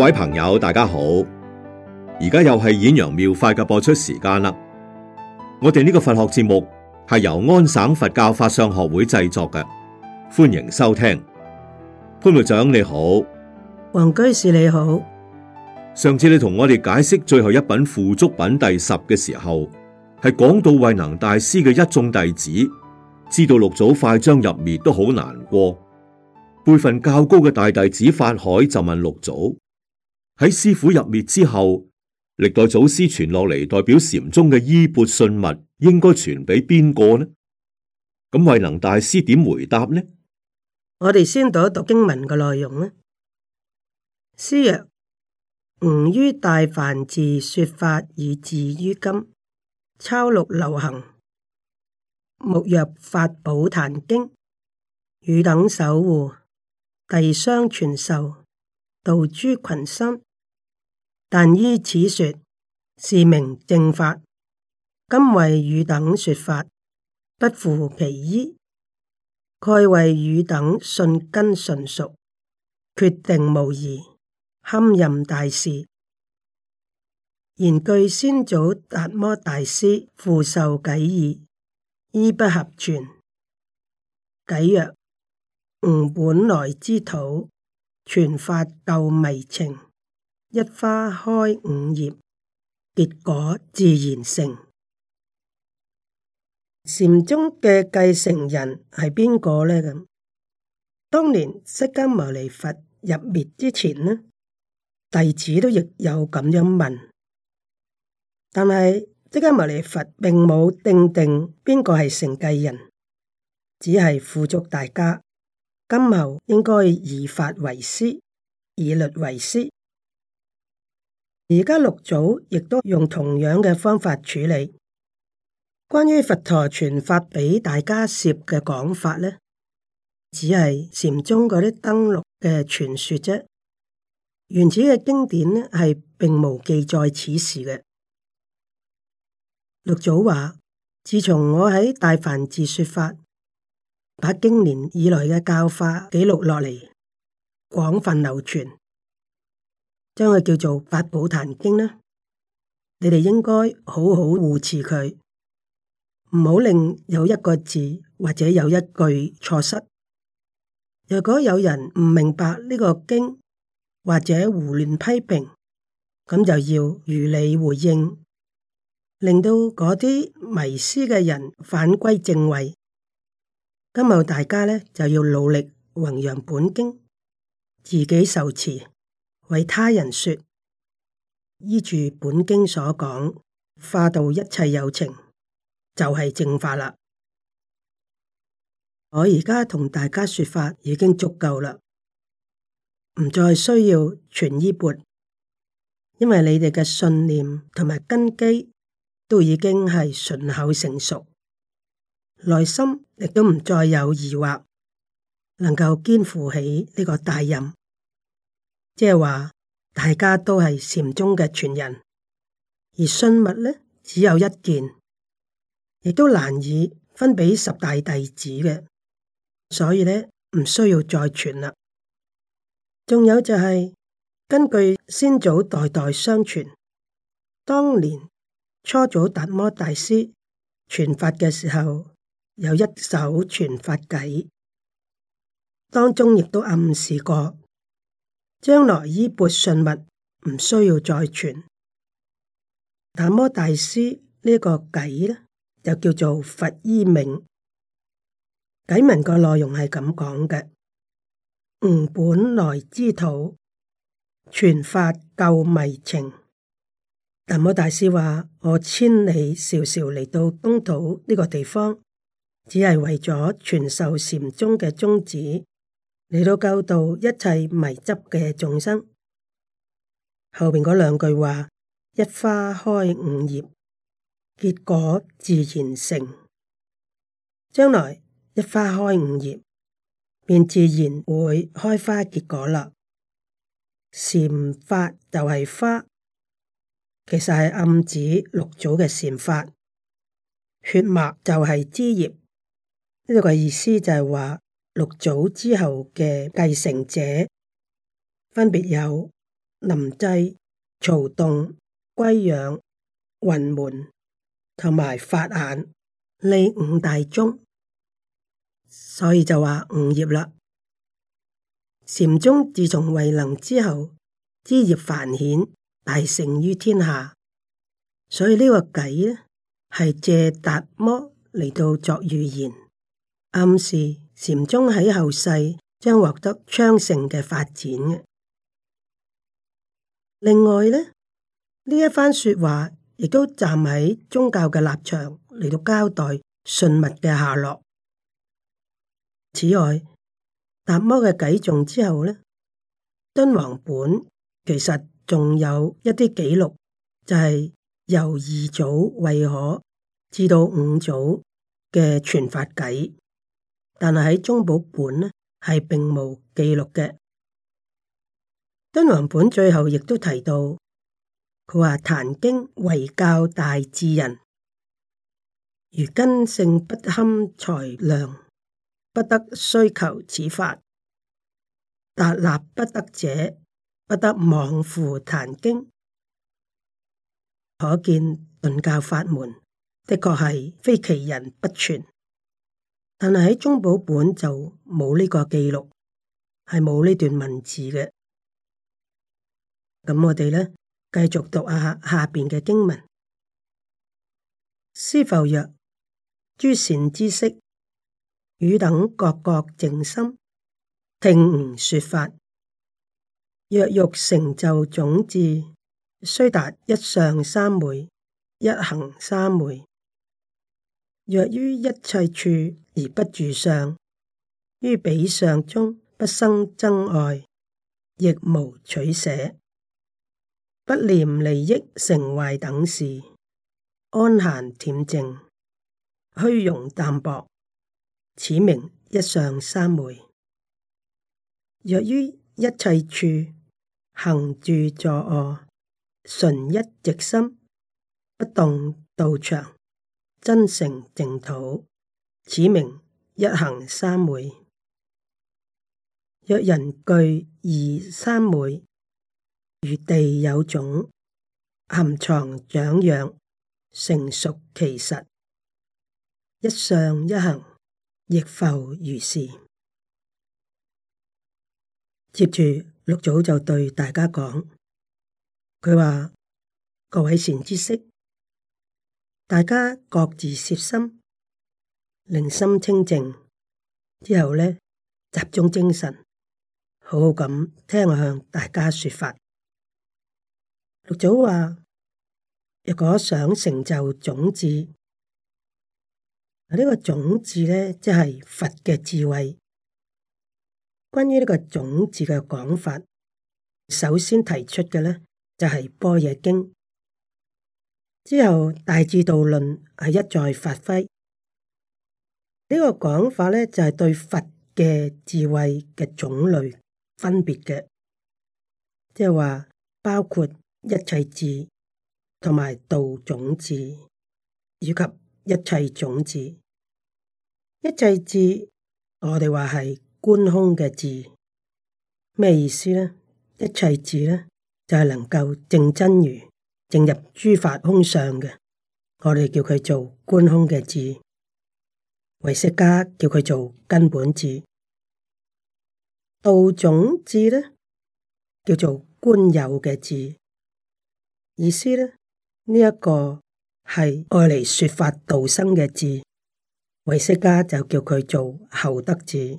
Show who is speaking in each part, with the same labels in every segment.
Speaker 1: 各位朋友，大家好！而家又係《演揚妙法》嘅播出時間啦。我哋呢個佛學節目係由安省佛教法相學會製作嘅，歡迎收聽。潘會長你好，
Speaker 2: 黃居士你好。
Speaker 1: 上次你同我哋解釋最後一品付囑品第十嘅時候，係講到慧能大師嘅一眾弟子知道六祖快將入滅都好難過，輩份較高嘅大弟子法海就問六祖。喺師父入滅之後，歷代祖師傳落嚟代表禪宗嘅衣缽信物，應該傳俾邊個呢？咁慧能大師點回答呢？
Speaker 2: 我哋先讀一讀經文嘅內容呢：「師曰：吾於大梵寺說法，以至於今，抄錄流行，目曰法寶壇經，與等守護，遞相傳授，道諸群生。但依此說，是名正法。今為汝等說法，不付其衣。蓋為汝等信根純熟，決定無疑，堪任大事。然據先祖達摩大師付授偈意，衣不合傳偈曰：吾本來之土，傳法救迷情。一花開五葉，結果自然成。禪宗嘅繼承人係邊個呢？咁當年釋迦牟尼佛入滅之前呢，弟子都亦有咁樣問，但係釋迦牟尼佛並冇定定邊個係承繼人，只係附囑大家今後應該以法為師，以律為師。而家六祖亦都用同樣嘅方法處理關於佛陀傳法畀大家攝嘅講法呢，只係禪宗嗰啲登陸嘅傳說啫。原始嘅經典咧係並冇記載此事嘅。六祖話：自從我喺大梵寺說法，把經年以來嘅教化記錄落嚟，廣泛流傳。將佢叫做《法寶壇經》啦，你哋應該好好護持佢，唔好令有一個字或者有一句錯失。若果有人唔明白呢個經或者胡亂批評，咁就要如理回應，令到嗰啲迷失嘅人反歸正位。今後大家呢，就要努力弘揚本經，自己受持。為他人說，依住本經所講化度一切有情，就係、是、正法啦。我而家同大家說法已經足夠啦，唔再需要傳衣缽，因為你哋嘅信念同埋根基都已經係順口成熟，內心亦都唔再有疑惑，能夠肩負起呢個大任。即係話，大家都係禪宗嘅傳人，而信物呢，只有一件，亦都難以分俾十大弟子嘅，所以呢，唔需要再傳啦。仲有就係、是、根據先祖代代相傳，當年初祖達摩大師傳法嘅時候，有一首傳法偈，當中亦都暗示過。將來衣缽信物唔需要再傳，達摩大師呢個偈呢，又叫做佛衣明。偈文個內容係咁講嘅：吾本來之土，傳法救迷情。達摩大師話：我千里迢迢嚟到東土呢個地方，只係為咗傳授禪宗嘅宗旨。嚟到救度一切迷執嘅眾生，後面嗰兩句話：一花開五葉，結果自然成。將來一花開五葉，便自然會開花結果啦。禪法就係花，其實係暗指六祖嘅禪法。血脈就係枝葉，呢、這個嘅意思就係話。六祖之後嘅繼承者分別有臨濟、曹洞、溈仰、雲門同埋法眼呢五大宗，所以就話五葉啦。禪宗自從慧能之後，枝葉繁衍，大盛於天下。所以呢個偈咧係借達摩嚟到作預言，暗示。禪宗喺後世將獲得昌盛嘅發展。另外呢，呢一番說話亦都站喺宗教嘅立場嚟到交代信物嘅下落。此外，達摩嘅偈頌之後呢，敦煌本其實仲有一啲記錄，就係、是、由二祖慧可至到五祖嘅傳法偈。但係喺宗寶本呢，係並無記錄嘅。敦煌本最後亦都提到，佢話《壇經》為教大智人，如根性不堪才量，不得需求此法，達立不得者，不得妄負《壇經》。可見頓教法門的確係非其人不傳。但係喺宗寶本就冇呢個記錄，係冇呢段文字嘅。咁我哋咧繼續讀下下邊嘅經文。師復曰，諸善知識，汝等各各淨心聽吾說法，若欲成就種智，須達一相三昧，一行三昧。若於一切處，而不住相，於彼相中不生憎愛，亦無取捨，不念利益成壞等事，安閒恬靜，虛榮淡薄，此名一相三昧。若於一切處行住坐臥，純一直心，不動道場，真成淨土。此名一行三昧，若人具二三昧，如地有種，含藏長養，成熟其實，一上一行，亦復如是。接住六祖就對大家講，佢話各位善知識，大家各自攝心。令心清靜之後咧，集中精神，好好咁聽我向大家說法。六祖話，若果想成就種智，啊、這、呢個種智咧，即係佛嘅智慧。關於呢個種智嘅講法，首先提出嘅咧就係《般若經》，之後《大智度論》係一再發揮。呢個講法咧，就係對佛嘅智慧嘅種類分別嘅，即係話包括一切智同埋道種智以及一切種智。一切智我哋話係觀空嘅智，咩意思咧？一切智咧就係能夠證真如，證入諸法空相嘅，我哋叫佢做觀空嘅智。維識家叫佢做根本智，「道種智咧叫做觀有嘅智，意思咧呢一、這個係愛嚟說法度生嘅智，維識家就叫佢做後得」智。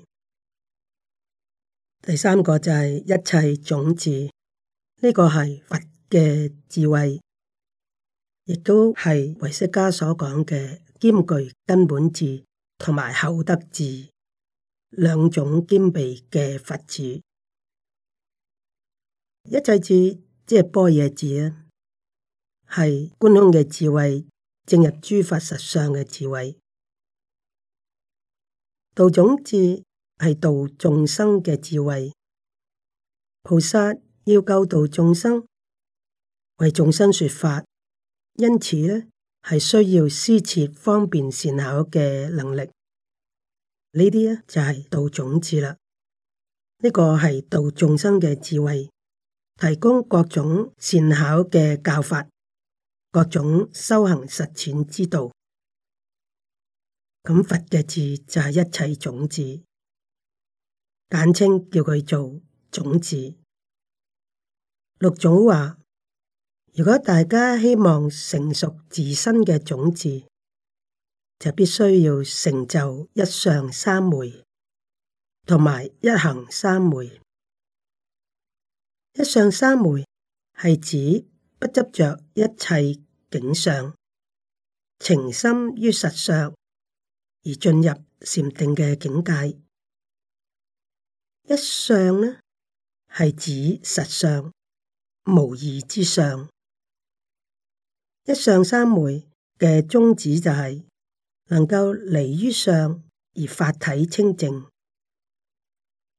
Speaker 2: 第三個就係一切種智，呢、這個係佛嘅智慧，亦都係維識家所講嘅兼具根本智。同埋厚德智兩種兼備嘅佛智，一切智即係般若智啊，係觀空嘅智慧，正入諸法實相嘅智慧。道種智係度眾生嘅智慧，菩薩要救度眾生，為眾生說法，因此咧。係需要施設方便善巧嘅能力，呢啲咧就係道種子啦。呢、這個係道眾生嘅智慧，提供各種善巧嘅教法，各種修行實踐之道。咁佛嘅字就係一切種子，簡稱叫佢做種子。六祖話。如果大家希望成熟自身嘅種子，就必須要成就一相三昧，同埋一行三昧。一相三昧係指不執着一切境相，情心於實相，而進入禪定嘅境界。一相呢係指實相無二之相。一上三昧嘅宗旨就係能夠離於上而法體清淨，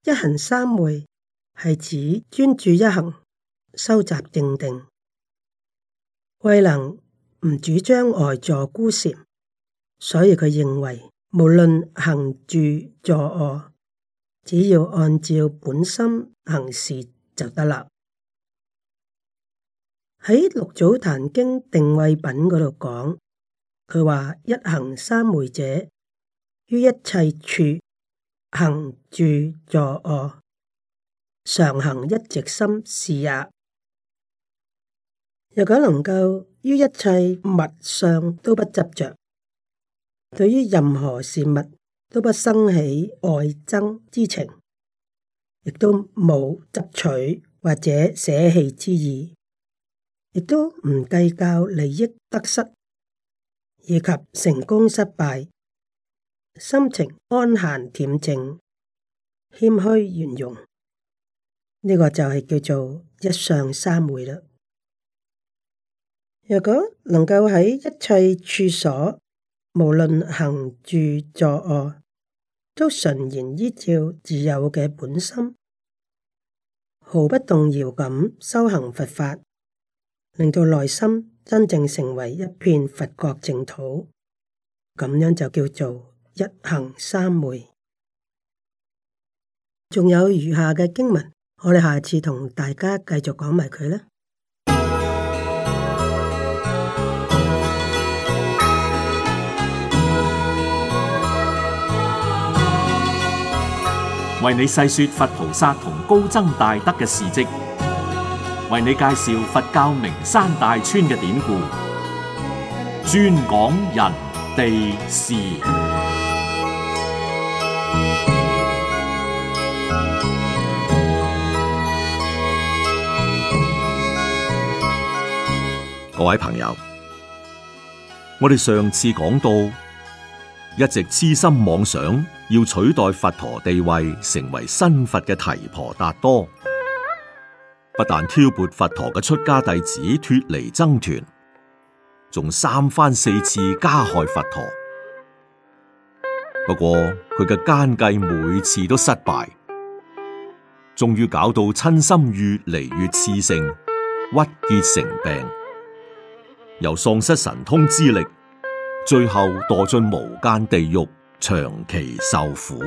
Speaker 2: 一行三昧係指專注一行，收集正定，慧能唔主張外助孤禪，所以佢認為無論行住坐卧，只要按照本心行事就得喇。喺六祖壇經定位品嗰度講，佢話一行三昧者，於一切處行住坐卧，常行一直心是也。若果能夠於一切物上都不執着，對於任何事物都不生起愛憎之情，亦都冇執取或者捨棄之意。亦都唔計較利益得失，以及成功失敗，心情安閒恬靜，謙虛圓融，呢、這個就係叫做一相三昧啦。若果能夠喺一切處所，無論行住坐臥，都純然依照自有嘅本心，毫不動搖咁修行佛法。令到內心真正成為一片佛國淨土，咁樣就叫做一行三昧。仲有餘下嘅經文，我哋下次同大家繼續講埋佢啦。
Speaker 1: 為你細說佛菩薩同高僧大德嘅事跡。為你介紹佛教名山大川嘅典故，專講人地事。士各位朋友，我哋上次講到，一直痴心妄想要取代佛陀地位，成為新佛嘅提婆達多。不但挑撥佛陀嘅出家弟子脫離僧團，仲三番四次加害佛陀。不過佢嘅奸計每次都失敗，終於搞到瞋心越嚟越熾盛，鬱結成病，又喪失神通之力，最後墮進無間地獄，長期受苦。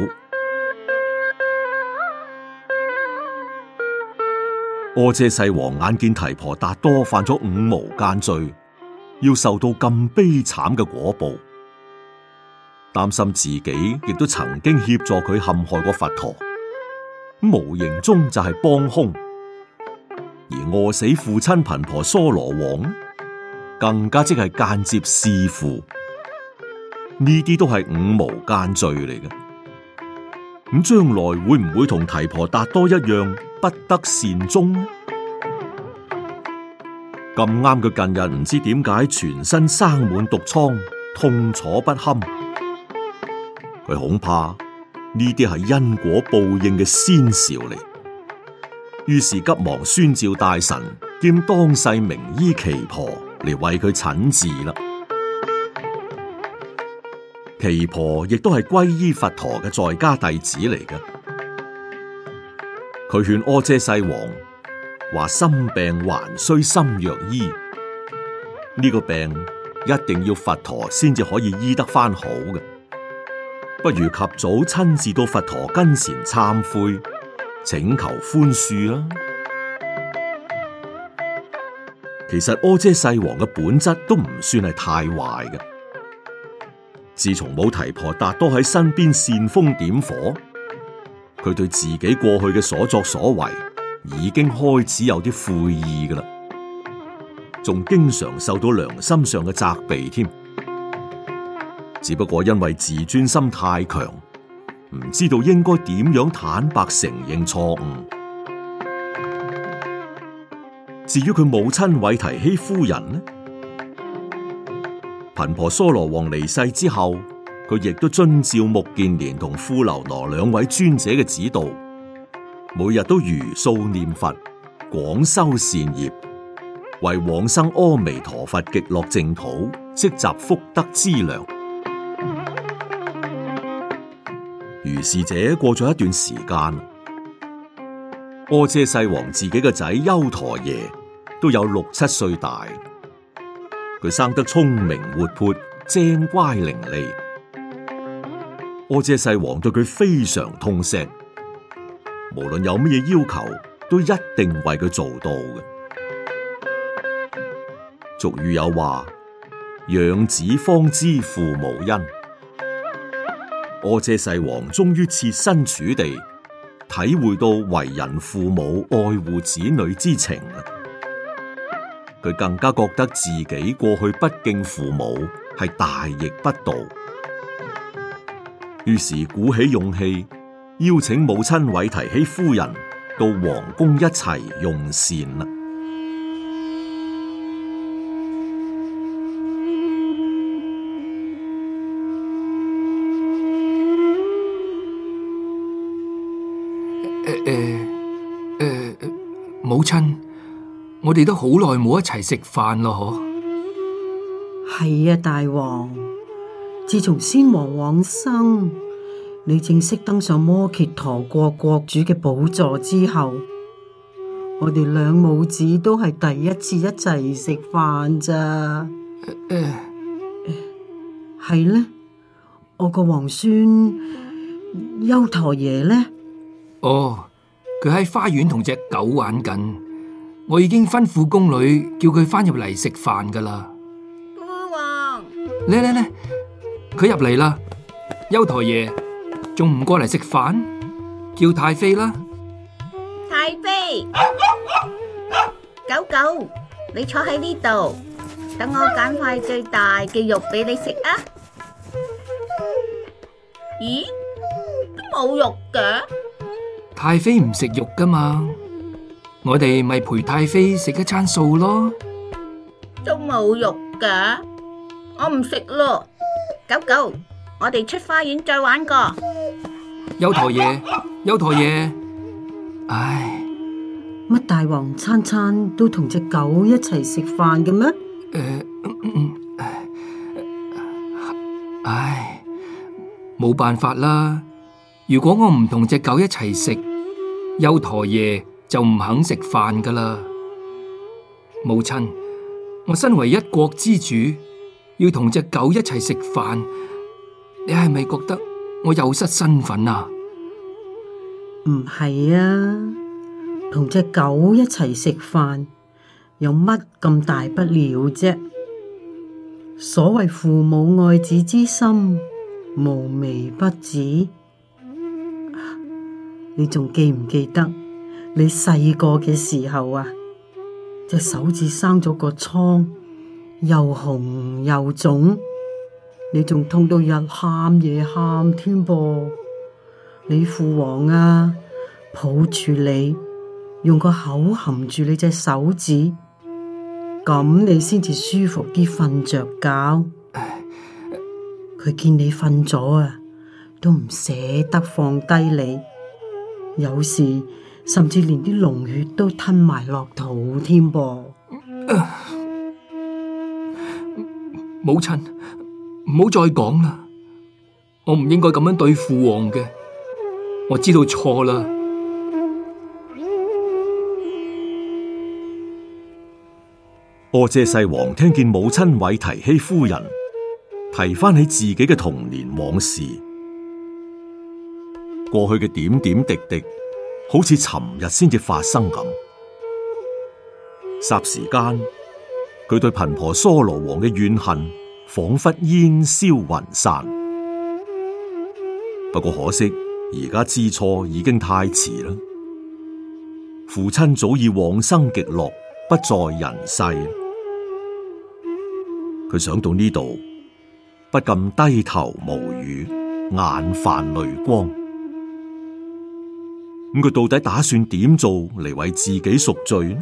Speaker 1: 阿闍世王眼見提婆達多犯咗五無間罪，要受到咁悲慘嘅果報，擔心自己亦都曾經協助佢陷害過佛陀，無形中就係幫兇；而餓死父親頻婆娑羅王，更加即係間接弒父，呢啲都係五無間罪嚟嘅。咁將來會唔會同提婆達多一樣？不得善終，咁啱佢近日唔知點解全身生滿毒瘡，痛楚不堪。佢恐怕呢啲係因果報應嘅先兆嚟，於是急忙宣召大神兼當世名醫奇婆嚟為佢診治啦。奇婆亦都係皈依佛陀嘅在家弟子嚟嘅。佢勸阿姐世王話：心病還需心藥醫，呢個病一定要佛陀先至可以醫得翻好嘅，不如及早親自到佛陀跟前懺悔，請求寬恕啦。其實阿姐世王嘅本質都唔算係太壞嘅，自從冇提婆達多喺身邊煽風點火。佢對自己過去嘅所作所為已經開始有啲悔意㗎喇，仲經常受到良心上嘅責備添。只不過因為自尊心太強，唔知道應該點樣坦白承認錯誤。至於佢母親韋提希夫人呢？頻婆娑羅王離世之後，佢亦都遵照目犍連同富樓那兩位尊者嘅指導，每日都如數念佛，廣修善業，為往生阿彌陀佛極樂淨土，積集福德資糧。如是者過咗一段時間，阿闍世王自己嘅仔優陀耶都有六七歲大，佢生得聰明活潑，精乖伶俐。阿闍世王對佢非常痛惜，無論有乜嘢要求，都一定為佢做到嘅。俗語有話：養子方知父母恩。阿闍世王終於切身處地體會到為人父母愛護子女之情，佢更加覺得自己過去不敬父母係大逆不道。於是鼓起勇氣邀請母親韋提希夫人到皇宮一齊用膳。欸欸
Speaker 3: 欸，母親，我哋都好耐冇一齊食飯
Speaker 4: 咯，嗬？係啊，大王。自從先王往生，你正式登上摩羯陀國國主嘅寶座之後，我哋兩母子都係第一次一齊食飯咋。係咧、哎哎哎，我個皇孫優陀爺咧，
Speaker 3: 爺呢哦，佢喺花園同隻狗玩緊，我已經吩咐宮女叫佢翻入嚟食飯噶啦。父皇王，嚟嚟嚟！佢入嚟啦，邱陀爺仲唔過嚟食飯？叫太妃啦，太妃，狗狗，你坐喺呢度，等我揀塊最大嘅肉俾你食啊！咦，都冇肉噶？太妃唔食肉噶嘛，我哋咪陪太妃食一餐素咯，都冇肉噶，我唔食咯。狗狗，我哋出花園再玩過。休陀爺，休陀爺，
Speaker 4: 唉，乜大王餐餐都同隻狗一齊食飯嘅咩、呃嗯？唉，
Speaker 3: 冇辦法啦。如果我唔同隻狗一齊食，休陀爺就唔肯食飯噶啦。母親，我身為一國之主。要同隻狗一齊食飯，你係咪覺
Speaker 4: 得我
Speaker 3: 有失身份啊？
Speaker 4: 唔係啊，同隻狗一齊食飯有乜咁大不了啫？所謂父母愛子之心無微不至，你仲記唔記得你細個嘅時候啊？隻手指生咗個瘡。又紅又腫，你仲痛到日喊夜喊添噃！你父王啊，抱住你，用個口含住你隻手指，咁你先至舒服啲瞓着覺。佢 見你瞓咗啊，都唔捨得放低你，有時甚至連啲膿血都吞埋落肚添噃。
Speaker 3: 母親，唔好再講啦！我唔應該咁樣對父王嘅，我知道錯啦。
Speaker 1: 阿謝世王聽見母親韋提希夫人提翻起自己嘅童年往事，過去嘅點點滴滴，好似尋日先至發生咁，霎時間。佢對頻婆娑羅王嘅怨恨仿佛煙消雲散，不過可惜而家知錯已經太遲啦。父親早已往生極樂，不在人世。佢想到呢度，不禁低頭無語，眼泛淚光。咁佢到底打算點做嚟為自己贖罪呢？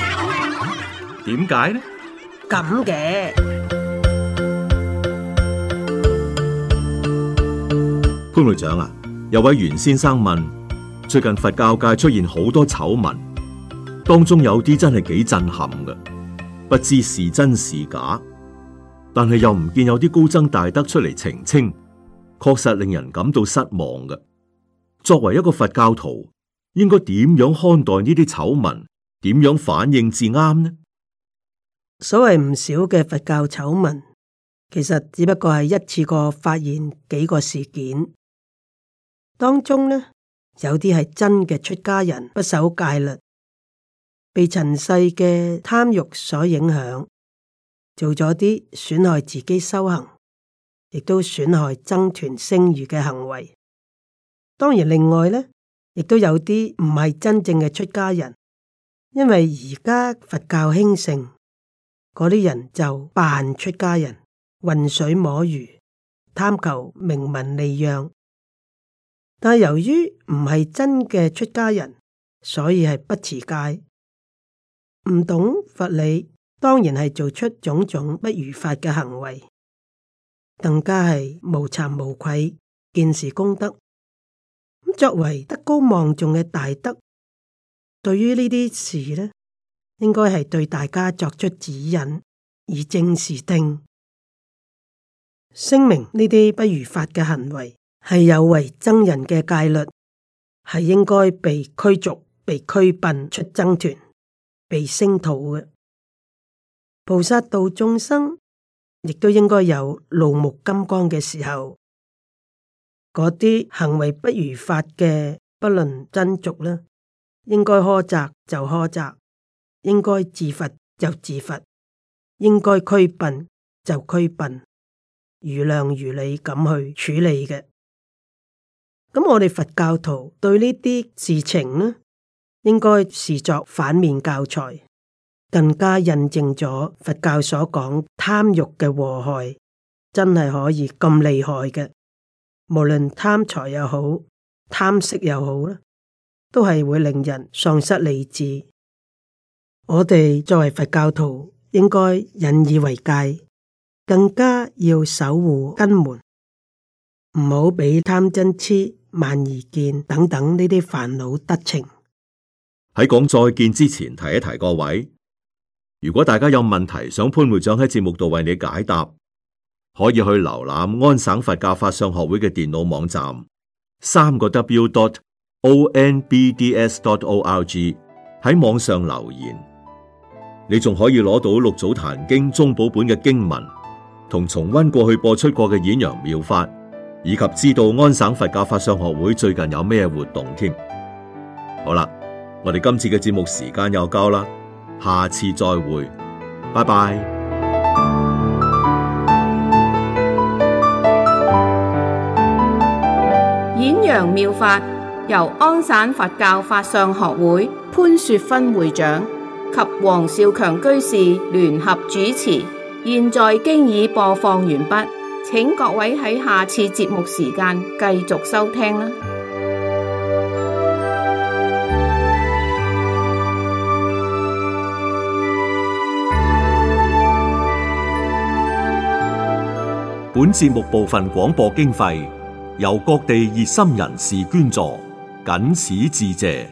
Speaker 1: 點解呢？
Speaker 2: 咁嘅，
Speaker 1: 潘隊長啊，有位袁先生問：最近佛教界出現好多醜聞，當中有啲真係幾震撼嘅，不知是真是假，但係又唔見有啲高僧大德出嚟澄清，確實令人感到失望嘅。作為一個佛教徒，應該點樣看待呢啲醜聞？點樣反應至啱呢？
Speaker 2: 所謂唔少嘅佛教醜聞，其實只不過係一次過發現幾個事件。當中呢，有啲係真嘅出家人，不守戒律，被塵世嘅貪慾所影響，做咗啲損害自己修行，亦都損害僧團聲譽嘅行為。當然，另外呢，亦都有啲唔係真正嘅出家人，因為而家佛教興盛。嗰啲人就扮出家人，渾水摸魚，貪求名聞利養。但由於唔係真嘅出家人，所以係不持戒，唔懂佛理，當然係做出種種不如法嘅行為，更加係無慚無愧，見是功德。咁作為德高望重嘅大德，對於呢啲事呢。應該係對大家作出指引，以正視聽，聲明呢啲不如法嘅行為係有違僧人嘅戒律，係應該被驅逐、被驅擯出僧團、被聲討嘅。菩薩度眾生，亦都應該有怒目金剛嘅時候。嗰啲行為不如法嘅，不論僧俗啦，應該苛責就苛責。應該自罰就自罰，應該驅擯就驅擯，如量如理咁去處理嘅。咁我哋佛教徒對呢啲事情呢，應該視作反面教材，更加印證咗佛教所講貪慾嘅禍害，真係可以咁厲害嘅。無論貪財又好，貪色又好啦，都係會令人喪失理智。我哋作為佛教徒，應該引以為戒，更加要守護根門，唔好俾貪嗔、癡、慢、疑、見等等呢啲煩惱得逞。
Speaker 1: 喺講再見之前，提一提各位，如果大家有問題想潘會長喺節目度為你解答，可以去瀏覽安省佛教法相學會嘅電腦網站，三個 w dot o n b d s dot o r g 喺網上留言。你仲可以攞到《六祖壇經》宗寶本嘅經文，同重溫過去播出過嘅演揚妙法，以及知道安省佛教法相學會最近有咩活動添。好啦，我哋今次嘅節目時間又夠啦，下次再會，拜拜。
Speaker 4: 演揚妙法由安省佛教法相學會潘雪芬會長及黃少強居士聯合主持，現在經已播放完畢，請各位喺下次節目時間繼續收聽啦。
Speaker 1: 本節目部分廣播經費由各地熱心人士捐助，謹此致謝。